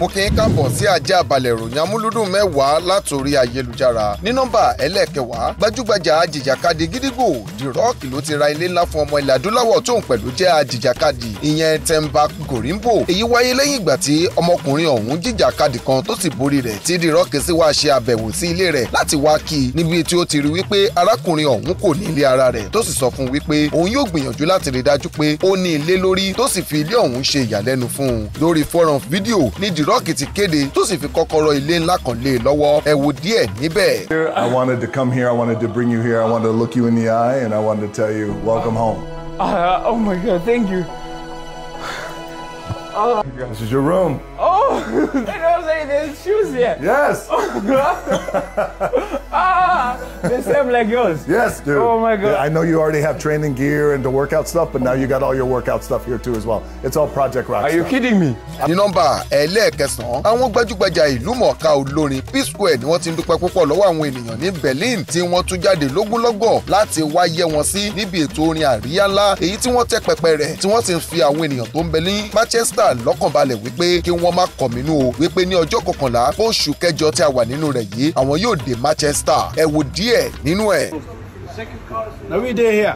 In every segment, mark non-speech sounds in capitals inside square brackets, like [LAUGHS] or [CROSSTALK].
mo kì í káàbọ̀ sí ajá balẹ̀ ìròyìn amúlúdùn mẹ́wàá látòrí ayélujára ní nọ́mbà ẹlẹ́ẹ̀kẹwàá gbajúgbajà ajìjàkadì gídígbò dìrọ́ọ̀kì ló ti ra ilé ńlá fún ọmọ ilẹ̀ adúláwọ̀ tóun pẹ̀lú jẹ́ ajìjàkadì ìyẹn Temba Gorimbo èyí wáyé lẹ́yìn ìgbà tí ọmọkùnrin ọ̀hún jìjàkadì kan tó sì borí rẹ̀ tí dìrọ́ọ̀kì sì wá ṣe àbẹ̀wò sí ilé rẹ̀ láti wá kí i níbi tí ó ti rí wípé arákùnrin ọ̀hún kò ní ilé ara rẹ̀ tó sì sọ fún wípé òun yóò gbìyànjú láti rí dájú pé ó ní ilé lórí tó sì fi ilé ọ̀hún ṣe ìyàlẹ́nu fún un lórí fọ́nrán fídíò nídìí rock ti kéde tó sì fi kọ́kọ́rọ́ ilé ńlá kan lé e lọ́wọ́ ẹ wo díẹ̀ níbẹ̀. I wanted to come here I wanted to bring you here I wanted to look you in the eye and I wanted to tell you welcome home. Uh, oh my God thank you. Uh, This is your room. Oh, [LAUGHS] this shoes here? Yes. [LAUGHS] ah, they same like yours. Yes, dude. Oh my god. Yeah, I know you already have training gear and the workout stuff, but now you got all your workout stuff here too as well. It's all Project Rock. Are stuff. you kidding me? Ní nọ́mbà ẹlẹ́ẹ̀kẹsàn-án, àwọn gbajúgbajà ìlú mọ̀ọ́ká olórin P-Square ni wọ́n ti ń dúpẹ́ púpọ̀ lọ́wọ́ àwọn ènìyàn ní Berlin tí wọ́n tún jáde lógúnlọ́gọ̀ láti wá yẹ wọn sí níbi ètò orin àríyá ńlá èyí tí wọ́n tẹ́ pẹpẹ rẹ̀ tí wọ́n sì ń fi àwọn ènìyàn tó ń bẹ ní Manchester lọ́kànbalẹ̀ wípé kí wọ́n má kọ̀mínú o wípé ní ọjọ́ ọjọ́ kọkànlá oṣù kẹjọ tí a wà nínú rẹ̀ yìí àwọn yóò dé Manchester ẹ wò díẹ̀ nínú ẹ̀. na we dey here.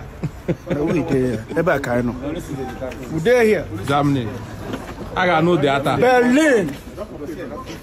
na we dey here. ebe a ka anyị nọ. we dey here. Germany. I got no data. Berlin.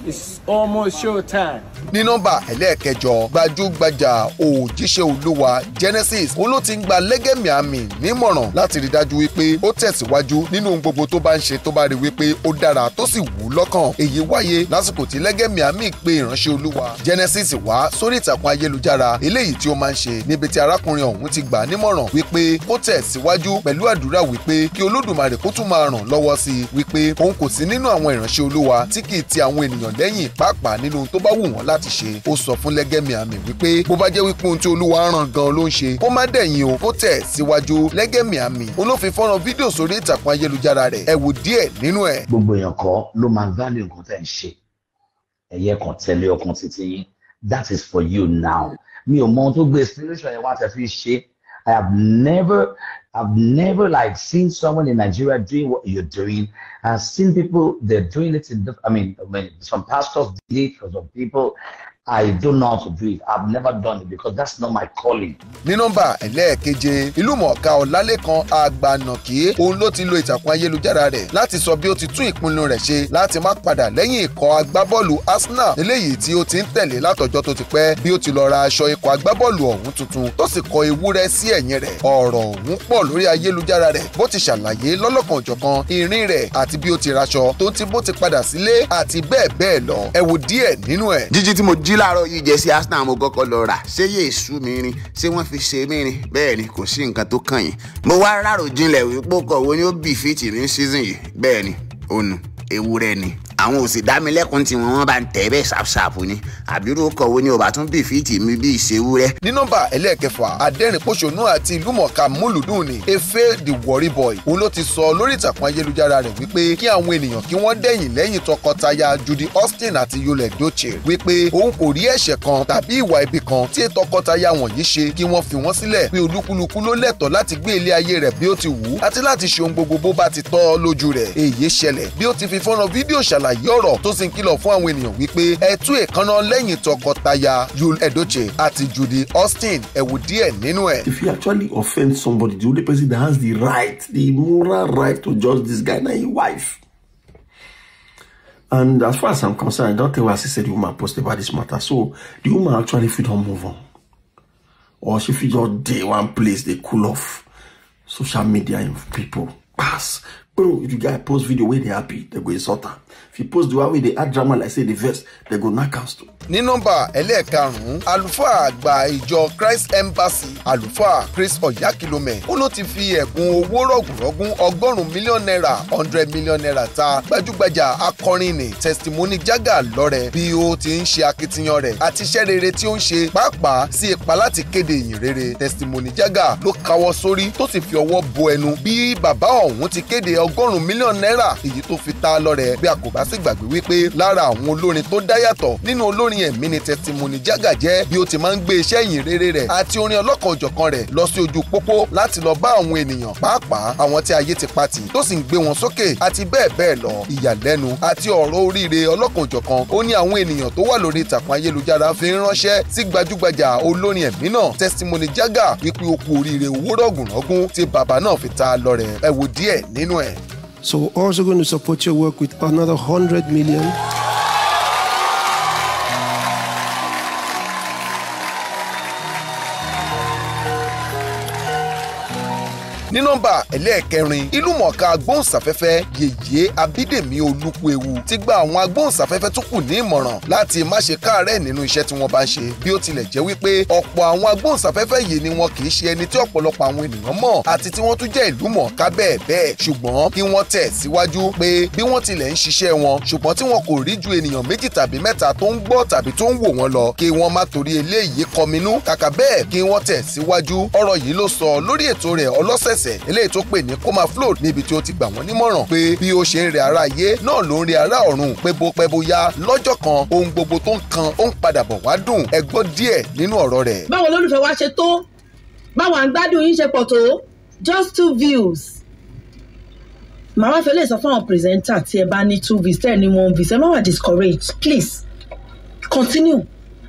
It's almost show time. ní nọ́mbà ẹlẹ́ẹ̀kẹjọ gbajúgbajà òjíṣẹ́ olúwa Genesis òun ló ti ń gba lẹ́gẹ̀mí àmì nímọ̀ràn láti rí dájú wípé ó tẹ̀síwájú nínú gbogbo tó bá ń ṣe tó bá rí wípé ó dára tó sì wù ú lọ́kàn èyí wáyé lásìkò tí lẹ́gẹ̀mí àmì pe ìránṣẹ́ olúwa Genesis wá sórí ìtàkùn ayélujára eléyìí tí ó máa ń ṣe níbi tí arákùnrin ọ̀hún ti gbà nímọ̀ràn wípé kó tẹ̀síwájú pẹ̀lú àdúrà wípé kí olódùmarè kó tún máa ràn lọ́wọ́ sí i wípé òun ti àwọn ènìyàn lẹ́yìn pàápàá nínú tó bá wù wọ́n láti ṣe ó sọ fún lẹ́gẹ́mìàmì wípé bó bá jẹ́ wípé ohun tí olúwa rán gan ló ń ṣe kó má dẹ̀yìn o kó tẹ̀ síwájú lẹ́gẹ́mìàmì òun ló fọ́nrán fídíò sórí ìtàkùn ayélujára rẹ̀ ẹ wò díẹ̀ nínú ẹ̀. gbogbo èèyàn kọ́ ló máa ń válé nǹkan tẹ̀ ń ṣe ẹ̀yẹ kan tẹ̀lé ọkàn títí yín that is for you now mi ò mọ ohun tó gbé inspiration yẹn wá tẹ fi ṣe I have never, I've never like seen someone in Nigeria doing what you're doing. I've seen people, they're doing it in, I mean, I mean some pastors did it because some people. I do not do it. I've never done it because that's not my calling. Ní nọ́mbà ẹlẹ́ẹ̀keje, ìlúmọ̀ọ́ká Ọlálékan Agbanàkí, òun ló ti lo ìtàkùn ayélujára rẹ̀ láti sọ bí ó ti tún ìpinnu rẹ̀ ṣe láti má padà lẹ́yìn ikọ̀ agbábọ́ọ̀lù Arsenal eléyìí tí ó ti ń tẹ̀lé látọjọ́ tó ti pẹ́ bí ó ti lọ ra aṣọ ikọ̀ agbábọ́ọ̀lù ọ̀hún tuntun tó sì kọ ewúrẹ́ sí ẹ̀yìn rẹ̀. Ọ̀rọ̀ ọ̀hún pọ̀ lórí ayélujára rẹ̀ bó ti ṣàlàyé lọ́lọ́kanòjọ̀kan ìrìn rẹ̀ àti bí ó ti raṣọ tó ti bó ti padà sílé àti bẹ́ẹ̀ bẹ́ẹ̀ lọ. Ẹ wo díẹ̀ nínú ẹ̀. Jíjí tí mo jí láàárọ̀ yìí jẹ́ sí Arsenal mo kọ́kọ́ lọ rà ṣé yéé sú mi rin ṣé wọ́n fi ṣe mí rin bẹ́ẹ̀ ni kò sí nǹkan tó kàn yín mo wá rárò jinlẹ̀ wípé kọ̀ wo ni ó bì fìtì ní season yìí bẹ́ẹ̀ ni òun ewúrẹ́ ni àwọn ò sì dá mi lẹ́kùn tí wọ́n bá ń tẹ̀ bẹ́ẹ̀ ṣàpṣàpù ni àbírú ọkọ̀ wo ni ọba tún bí fíìtì mi bí ìṣewúrẹ́. ní nọ́mbà ẹlẹ́ẹ̀kẹfà adẹ́rìnpọ̀ṣọ́nù àti ìlúmọ̀ọ́ká múlùdùn ni efe the worry boy òun ló ti sọ lórí ìtàkùn ayélujára rẹ̀ wípé kí àwọn ènìyàn kí wọ́n dẹ̀yìn lẹ́yìn tọkọtaya Judy Austin àti Yul Edochie wípé òun kò rí ẹ̀ṣẹ̀ kan tàbí ìwà ibi kan tí tọkọtaya wọ̀nyí ṣe kí wọ́n fi wọ́n sílẹ̀ pé olúkúlùkù ló lẹ́tọ̀ọ́ láti gbé ilé ayé rẹ̀ bí ó ti wù ú àti láti ṣe ohun gbogbo bó bá ti tọ́ lójú rẹ̀ èyí ṣẹlẹ̀ bí ó ti fi fọ́nrán fídíò ṣàl ṣàlàyé ọ̀rọ̀ tó sì ń kìlọ̀ fún àwọn ènìyàn wípé ẹ tú lẹ́yìn tọkọtaya Yul Edochie àti Judy Austin ẹ díẹ̀ nínú ẹ̀. If you actually offend somebody, the only person that has the right, the moral right to judge this guy na him wife. And as far as I'm concerned, I don't think what I said the woman post about this matter. So the woman actually fit don move on. Or she fit just dey one place, dey cool off. Social media people pass bro oh, if di guy post video wey dey happy dem go insult am if you post the one wey dey add drama like say the verse dem go knack am too. ní nọ́mbà ẹlẹ́ẹ̀karùn-ún àlùfáà àgbà ìjọ Christ Embassy àlùfáà Chris Ọ̀yákìlómẹ̀ ó ló ti fi ẹ̀bùn owó rọ̀gùnrọ̀gùn ọgọ́rùn-ún mílíọ̀n náírà hundred mílíọ̀n náírà ta gbajúgbajà akọrin ní Testimony Jaga lọ́rẹ bí ó ti ń ṣe akitiyan rẹ̀ àti iṣẹ́ rere tí ó ń ṣe pàápàá sí ipa láti kéde ìyìn rere Testimony Jaga ló kawọ́ sórí tó sì fi ọwọ́ bo ẹnu bí bàbá ọ̀hún ti kéde ọgọ́rùn-ún mílíọ̀nù náírà èyí tó fi ta lọ́rẹ̀ bí a kò bá sì gbàgbé wípé lára àwọn olórin tó dá yàtọ̀ nínú olórin ẹ̀mí ni Testimony Jaga jẹ́ bí ó ti máa ń gbé iṣẹ́ ìyìn rere rẹ̀ àti orin ọlọ́kan-ò-jọ̀kan rẹ̀ lọ sí ojú pópó láti lọ bá àwọn ènìyàn pàápàá àwọn tí ayé ti patì tó sì ń gbé wọn sókè àti bẹ́ẹ̀ bẹ́ẹ̀ lọ ìyàlẹ́nu àti ọ̀rọ̀ oríire ọlọ́kan-ò-jọ̀kan ó ní àwọn ènìyàn tó wà lórí ìtàkùn ayélujára fi ń ránṣẹ́ sí gbajúgbajà olórin ẹ̀mí náà Testimony Jaga wípé ó kú oríire owó rọ̀gùnrọ̀gùn tí bàbá náà fi ta lọ́rẹ̀ ẹ wò díẹ̀ nínú ẹ̀. So we're also going to support your work with another 100 million. ní nọ́mbà ẹlẹ́ẹ̀kẹrin ìlúmọ̀ọ́ká agbóhùnsáfẹ́fẹ́ yèyé abídèmí olúkúewu ti gba àwọn agbóhùnsáfẹ́fẹ́ tó kù ní ìmọ̀ràn láti má ṣe káàárẹ̀ nínú iṣẹ́ tí wọ́n bá ń ṣe bí ó tilẹ̀ jẹ́ wípé ọ̀pọ̀ àwọn agbóhùnsáfẹ́fẹ́ yìí ni wọn kì í ṣe ẹni tí ọ̀pọ̀lọpọ̀ àwọn ènìyàn mọ̀ àti tí wọ́n tún jẹ́ ìlúmọ̀ọ́ká bẹ́ẹ̀ bẹ́ẹ̀ ṣùgbọ́n kí wọ́n tẹ̀ síwájú pé bí wọ́n tilẹ̀ ń ṣiṣẹ́ wọn ṣùgbọ́n tí wọn kò rí ju ènìyàn méjì tàbí mẹ́ta tó ń gbọ́ tàbí tó ń wò wọ́n lọ kí wọ́n má torí eléyìí kọminú kàkà bẹ́ẹ̀ kí wọ́n tẹ̀ síwájú ọ̀rọ̀ yìí ló sọ lórí ètò rẹ̀ ọlọ́sẹ̀s ẹsẹ̀ eléyìí tó pè ní coma float níbi tí ó ti gbà wọ́n nímọ̀ràn pé bí ó ṣe ń rẹ ara ayé náà ló ń rẹ ará ọ̀run pé bó pẹ́ lọ́jọ́ kan ohun gbogbo tó ń kan ó ń padà bọ̀ wá dùn ẹ díẹ̀ nínú ọ̀rọ̀ rẹ̀. báwo lólùfẹ́ wa ṣe tó báwo à yín ṣe pọ̀ tó just two views màá wá fi lè sọ fún àwọn pírẹsẹńtà tí ẹ bá ní two views tẹ́ ẹ ní one views ẹ má wà discouraged please continue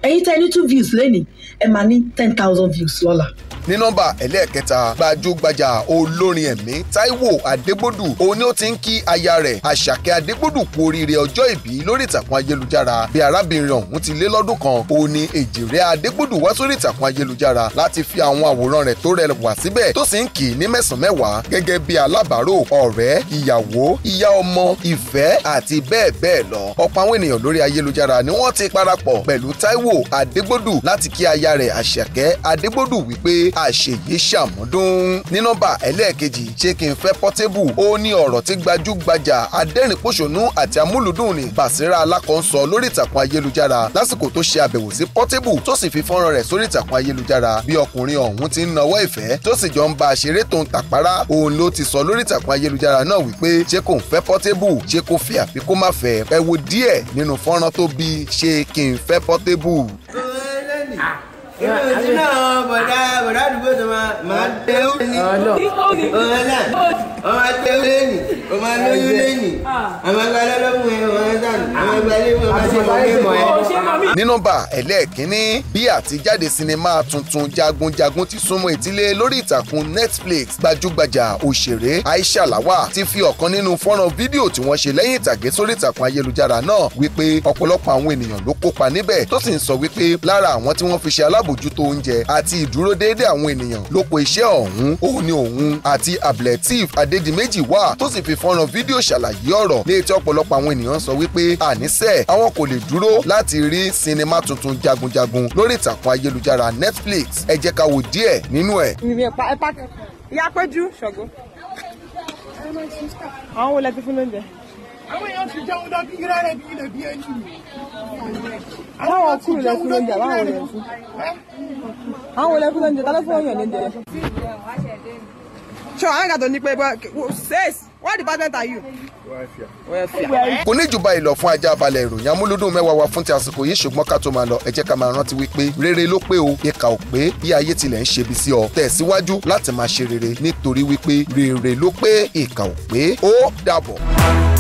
ẹ̀yin tẹ́ ẹ ní two views lẹ́nìí ẹ máa ní ten thousand views lọ́la. ní nọ́mbà ẹlẹ́ẹ̀kẹta gbajúgbajà olórin ẹ̀mí Táíwò Adégbòdù òun ni ó ti ń kí aya rẹ̀ Àṣàkẹ́ Adégbòdù kú oríire ọjọ́ ìbí lórí ìtàkùn ayélujára bí arábìnrin ọ̀hún ti lé lọ́dún kan òun ni èjìrẹ́ Adégbòdù wá sórí ìtàkùn ayélujára láti fi àwọn àwòrán rẹ̀ tó rẹwà síbẹ̀ tó sì ń kì í ní mẹ́sàn-án mẹ́wàá gẹ́gẹ́ bí alábàárò ọ̀rẹ́ ìyàwó ìyá ọmọ ìfẹ́ àti bẹ́ẹ̀ bẹ́ẹ̀ lọ ọ̀pọ̀ àwọn ènìyàn lórí ayélujára ni wọ́n ti parapọ̀ pẹ̀lú Táíwò Adégbòdù láti kí ay aya rẹ̀ àṣàkẹ́ adégbòdù wípé àṣèyí ṣàmúdún ní nọ́mbà ẹlẹ́ẹ̀kejì ṣé kí n fẹ́ pọ́tébù ó ní ọ̀rọ̀ tí gbajúgbajà adẹ́rìnpòṣónú àti amúlùdùn ní bàṣírà alákọ̀ọ́sọ lórí ìtàkùn ayélujára lásìkò tó ṣe àbẹ̀wò sí pọ́tébù tó sì fi fọ́nrán rẹ̀ sórí ìtàkùn ayélujára bí ọkùnrin ọ̀hún ti ń nawọ́ ìfẹ́ tó sì jọ ń bá a ṣeré tó ń tàpárá òun ló ti sọ lórí ìtàkùn ayélujára náà wípé ṣé kò ń fẹ́ pọ́tébù ṣé kò fi àfi má fẹ́ ẹ wo díẹ̀ nínú fọ́nrán tó bí ṣé kí n fẹ́ pọ́tébù. Ini nak apa dah? Berapa tu mah? Mati. Oh, no. Oh, no. ọmọ ẹgbẹ́ lẹ́nì ọmọ ẹlẹ́yìn lẹ́nì ah. ọmọ ẹgbẹ́ lọ́lọ́mù ẹ̀ ọmọ ẹ̀dánù ọmọ ẹgbẹ́ lẹ́mọ̀ ọmọ ní nọ́mbà ẹlẹ́ẹ̀kínní bí àtijáde sinimá tuntun jagunjagun ti súnmọ́ ìtílé lórí ìtàkùn Netflix gbajúgbajà òṣèré Aisha Lawa ti fi ọ̀kan nínú fọ́nrán fídíò tí wọ́n ṣe lẹ́yìn ìtàgé sórí ìtàkùn ayélujára náà wípé ọ̀pọ̀lọpọ̀ àwọn ènìyàn ló kópa níbẹ̀ tó sì ń sọ wípé lára àwọn tí wọ́n fi ṣe alábòjútó oúnjẹ àti ìdúró déédéé àwọn ènìyàn ló po iṣẹ́ ọ̀hún òun ni òun àti abletive adé èdèdì méjì wà tó sì fi fọ́nrán fídíò ṣàlàyé ọ̀rọ̀ ní etí ọ̀pọ̀lọpọ̀ àwọn ènìyàn sọ wípé àníṣe àwọn kò lè dúró láti rí sinimá tuntun jagunjagun lórí ìtàkùn ayélujára Netflix ẹ jẹ́ ká wo díẹ̀ nínú ẹ̀. ìyá péjú ṣògo àwọn wo lẹ ti fún lóúnjẹ àwọn èèyàn ti jẹun lọ bí irá rẹ bí ilẹ̀ bí ẹni mi. aláwọ̀ kúrò lẹ lóúnjẹ àbáwọn yẹn fún. àwọn olè fún lóúnjẹ tálẹ́ fún lóúnjẹ. Sure, I got only paper. Says, what department are you? kò ní ìjùbà ìlọ fún ajá balẹ̀ ìròyìn amúlúdùn mẹ́wàá wa fún ti àsìkò yìí ṣùgbọ́n ká tó máa lọ ẹ jẹ́ ká máa rántí wípé rere ló pé o ìkà ò pé bí ayé tilẹ̀ ń ṣe bí sí ọ tẹ̀síwájú láti máa ṣe rere nítorí wípé rere ló pé ìkà ò pé ó dàbọ̀.